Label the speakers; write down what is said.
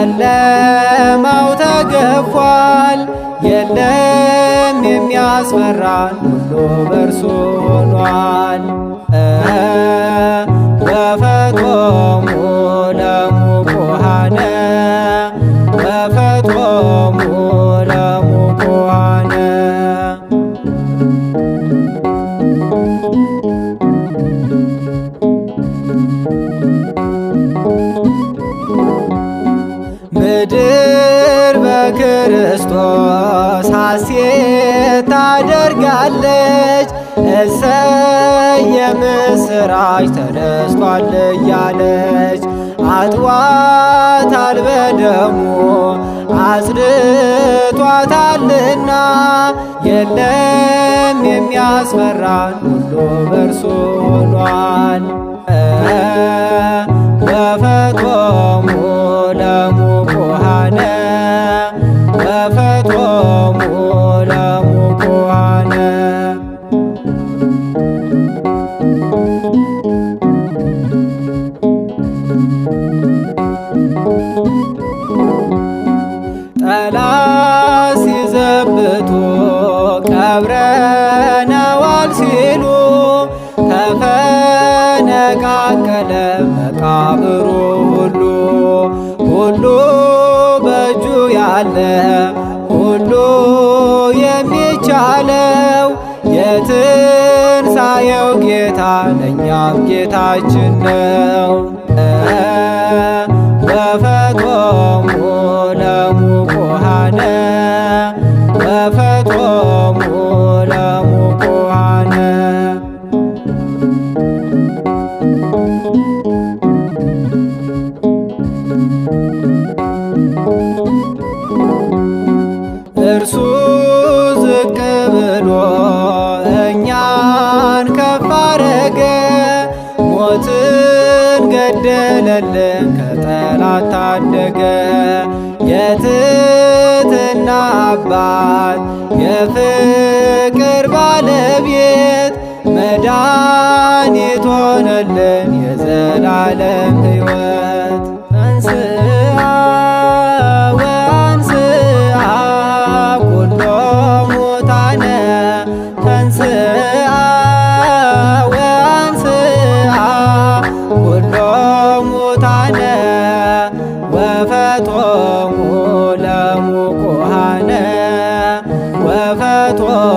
Speaker 1: ጨለማው ተገፏል፣ የለም የሚያስፈራን ሁሉ በእርሱ ሆኗል። ተፈጥሮ ክርስቶስ ሐሴት ታደርጋለች፣ እሰይ የምስራች ተደስቷል እያለች አጥዋታል በደሙ አጽድቷታልና የለም የሚያስፈራን ሁሉ በእርሱ ሆኗል። መቃብሩ ሁሉ ሁሉ በእጁ ያለ ሁሉ የሚቻለው የትንሣኤው ጌታ ለእኛም ጌታችን ነው። በፈቶሙ ለሙቁሃ እርሱ ዝቅ ብሎ እኛን ከፍ አረገ፣ ሞትን ገደለልን፣ ከጠላት ታደገ። የትህትና አባት የፍቅር ባለቤት መድኃኒት ሆነልን የዘላለም 더